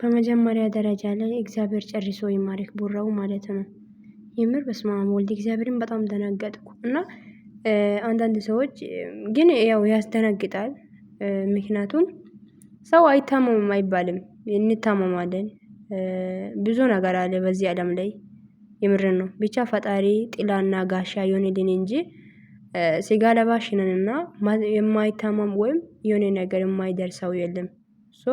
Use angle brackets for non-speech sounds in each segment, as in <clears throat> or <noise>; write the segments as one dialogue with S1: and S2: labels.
S1: በመጀመሪያ ደረጃ ላይ እግዚአብሔር ጨርሶ ይማረክ ቡራው ማለት ነው። የምር በስመ አብ ወልድ እግዚአብሔርን በጣም ደነገጥኩ እና አንዳንድ ሰዎች ግን ያው ያስደነግጣል። ምክንያቱም ሰው አይታመምም አይባልም፣ እንታመማለን። ብዙ ነገር አለ በዚህ ዓለም ላይ የምር ነው። ብቻ ፈጣሪ ጥላና ጋሻ የሆነልን እንጂ ስጋ ለባሽ እና የማይታመም ወይም የሆነ ነገር የማይደርሰው የለም። ሶ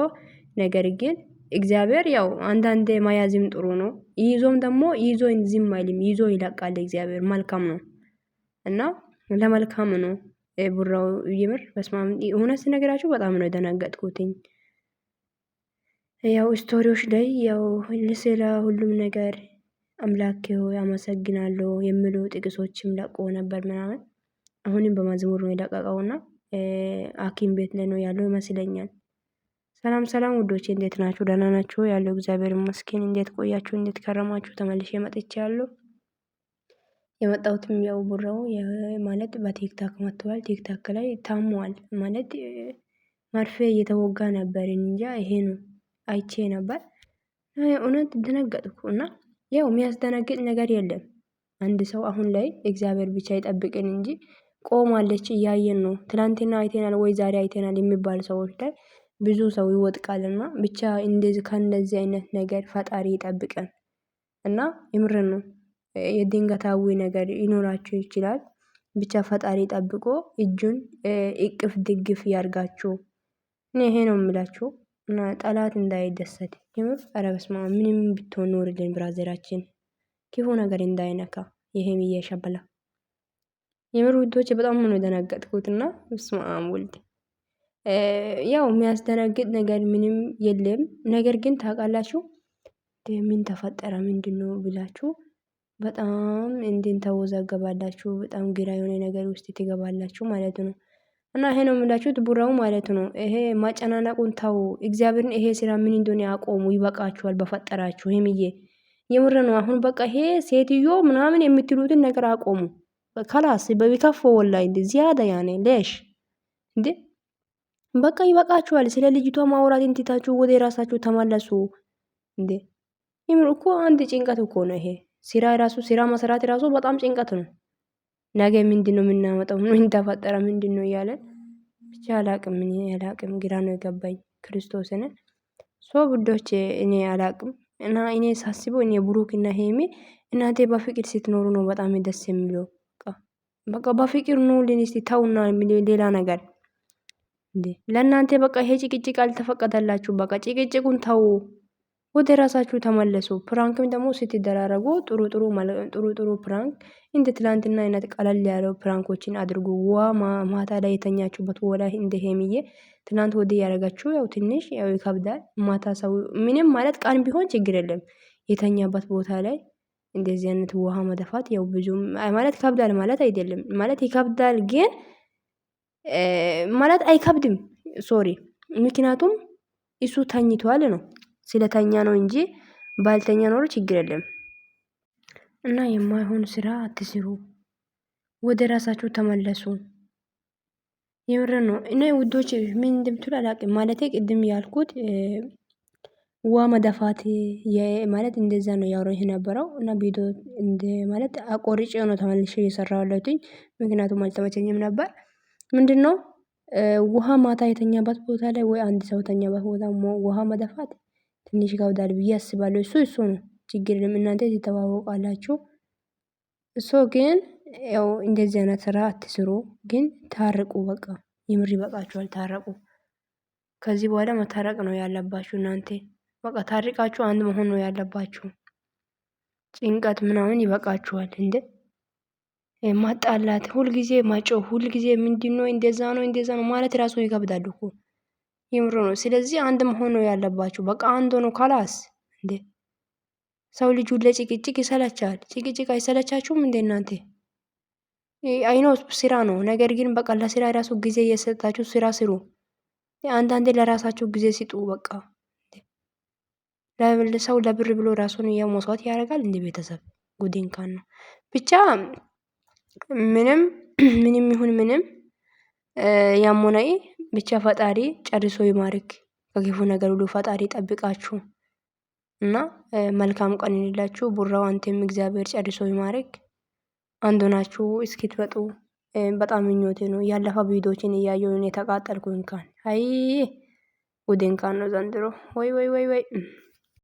S1: ነገር ግን እግዚአብሔር ያው አንዳንዴ መያዝም ጥሩ ነው። ይዞም ደግሞ ይዞ ዝም አይልም፣ ይዞ ይለቃል። እግዚአብሔር መልካም ነው እና ለመልካም ነው። ቡራው ይምር በስማም እውነት ስነግራችሁ በጣም ነው የደነገጥኩትኝ። ያው ስቶሪዎች ላይ ያው ስለ ሁሉም ነገር አምላኬ ሆይ አመሰግናለሁ የሚሉ ጥቅሶችም ለቆ ነበር ምናምን። አሁንም በመዝሙር ነው የለቀቀውና ሐኪም ቤት ላይ ነው ያለው ይመስለኛል። ሰላም ሰላም ውዶቼ እንዴት ናችሁ? ደህና ናችሁ? ያለው እግዚአብሔር ይመስገን። እንዴት ቆያችሁ? እንዴት ከረማችሁ? ተመልሼ መጥቼ ያለው የመጣሁትም ያው ቡራው ማለት በቲክታክ መጥተዋል። ቲክታክ ላይ ታሟል ማለት መርፌ እየተወጋ ነበር። እንጃ ይሄ ነው አይቼ ነበር። እውነት ደነገጥኩ እና ያው የሚያስደነግጥ ነገር የለም። አንድ ሰው አሁን ላይ እግዚአብሔር ብቻ ይጠብቅን እንጂ ቆማለች፣ እያየን ነው። ትላንትና አይቴናል ወይ ዛሬ አይቴናል የሚባል ሰዎች ላይ ብዙ ሰው ይወጥቃልና ብቻ እንደዚህ ከእንደዚህ አይነት ነገር ፈጣሪ ይጠብቀን እና የምር ነው። የድንገታዊ ነገር ይኖራችሁ ይችላል። ብቻ ፈጣሪ ጠብቆ እጁን እቅፍ ድግፍ ያርጋችሁ። እኔ ይሄ ነው የምላችሁ እና ጠላት እንዳይደሰት የምር ኧረ በስመ አብ ምንም ብትሆን ኖርልን ብራዘራችን ክፉ ነገር እንዳይነካ ይሄም ብዬ የምር ውዶች በጣም ነው የደናገጥኩት በስመ አብ ወልድ ያው የሚያስደነግጥ ነገር ምንም የለም። ነገር ግን ታውቃላችሁ ምን ተፈጠረ ምንድነው ብላችሁ በጣም እንድን ተወዛገባላችሁ። በጣም ግራ የሆነ ነገር ውስጥ ትገባላችሁ ማለት ነው። እና ይሄ ነው የምላችሁት ቡራው ማለት ነው። ይሄ ማጨናነቁን ተው፣ እግዚአብሔርን ይሄ ስራ ምን እንደሆነ ያቆሙ፣ ይበቃችኋል በፈጠራችሁ። ይሄምዬ የምር ነው። አሁን በቃ ይሄ ሴትዮ ምናምን የምትሉትን ነገር አቆሙ። ከላስ በቢከፎ ወላይ እንዲ ያኔ ሌሽ እንዴ በቃ ይበቃችኋል። ስለ ልጅቷ ማውራት እንትታችሁ ወደ ራሳችሁ ተመለሱ። እንዴ ይምር እኮ አንድ ጭንቀት እኮ ነው ይሄ። ስራ ራሱ ስራ መስራት ራሱ በጣም ጭንቀት ነው። ነገ ምንድን ነው የምናመጣው? ምን ተፈጠረ? ምንድን ነው እያለን ብቻ አላቅም። እኔ አላቅም፣ ግራ ነው የገባኝ። ክርስቶስን ሰው ብዶች እኔ አላቅም። እና እኔ ሳስበው እኔ ብሩክ እና ሄሜ እናቴ በፍቅር ስትኖሩ ነው በጣም ደስ የሚለው። በቃ በፍቅር ኑልን እስቲ ተውና ሌላ ነገር እንዴ ለእናንተ በቃ ይሄ ጭቅጭቅ አልተፈቀደላችሁ። በቃ ጭቅጭቁን ተዉ፣ ወደ ራሳችሁ ተመለሱ። ፕራንክም ደግሞ ስትደራረጉ ጥሩ ጥሩ ጥሩ ጥሩ ፕራንክ እንደ ትላንትና አይነት ቀለል ያለው ፕራንኮችን አድርጉ። ዋ ማታ ላይ የተኛችሁበት ወላ እንደ ሄምዬ ትናንት ወዲህ ያደረጋችሁ ያው ትንሽ ያው ይከብዳል። ማታ ሰው ምንም ማለት ቀን ቢሆን ችግር የለም። የተኛበት ቦታ ላይ እንደዚህ አይነት ውሃ መደፋት ያው ብዙም ማለት ከብዳል ማለት አይደለም ማለት ይከብዳል ግን ማለት አይከብድም። ሶሪ ምክንያቱም እሱ ተኝቷል ነው ስለተኛ ነው እንጂ ባልተኛ ኖሮ ችግር የለም። እና የማይሆን ስራ አትስሩ፣ ወደ ራሳችሁ ተመለሱ። የምር ነው። እኔ ውዶች ምን እንደምትሉ አላቅም። ማለት ቅድም ያልኩት ዋ መደፋት ማለት እንደዛ ነው ያወራኝ ነበረው እና ቪዲዮ ማለት አቆርጬ ነው ተመልሼ እየሰራሁለትኝ ምክንያቱም አልተመቸኝም ነበር። ምንድነው? ውሃ ማታ የተኛባት ቦታ ላይ ወይ አንድ ሰው የተኛባት ቦታ ውሃ መደፋት ትንሽ ይከብዳል ብዬ አስባለሁ። እሱ እሱ ነው ችግር ልም እናንተ ትተዋወቃላችሁ። ሶ ግን ያው እንደዚህ አይነት ስራ አትስሩ ግን ታርቁ በቃ የምር ይበቃችኋል ታረቁ። ከዚህ በኋላ መታረቅ ነው ያለባችሁ እናንተ በቃ ታሪቃችሁ አንድ መሆን ነው ያለባችሁ። ጭንቀት ምናምን ይበቃችኋል እንዴ ማጣላት፣ ሁልጊዜ ማጮህ፣ ሁልጊዜ ምንድን ነው እንደዛ ነው እንደዛ ነው ማለት ራሱ ይከብዳል እኮ ይምሮ ነው። ስለዚህ አንድ መሆን ነው ያለባችሁ። በቃ አንድ ነው ካላስ እንዴ ሰው ልጁ ለጭቅጭቅ ይሰለቻል። ጭቅጭቅ አይሰለቻችሁም እንዴ እናንተ? አይኖ ስራ ነው። ነገር ግን በቃ ለስራ የራሱ ጊዜ እየሰጣችሁ ስራ ስሩ። አንዳንዴ ለራሳችሁ ጊዜ ሲጡ። በቃ ሰው ለብር ብሎ ራሱን የሞሷት ያደርጋል እንደ ቤተሰብ ጉድንካን ነው ብቻ ምንም <clears throat> ምንም ይሁን ምንም ያሞናይ ብቻ ፈጣሪ ጨርሶ ይማርክ፣ ከክፉ ነገር ሁሉ ፈጣሪ ጠብቃችሁ እና መልካም ቀን ይሁንላችሁ። ቡራው አንቴም እግዚአብሔር ጨርሶ ይማርክ። አንዱ ናችሁ እስኪትበጡ በጣም ምኞቴ ነው። ያለፈ ቪዲዮችን እያየሁ የተቃጠልኩ እንካን አይ ጉድ እንካን ነው ዘንድሮ። ወይ ወይ ወይ ወይ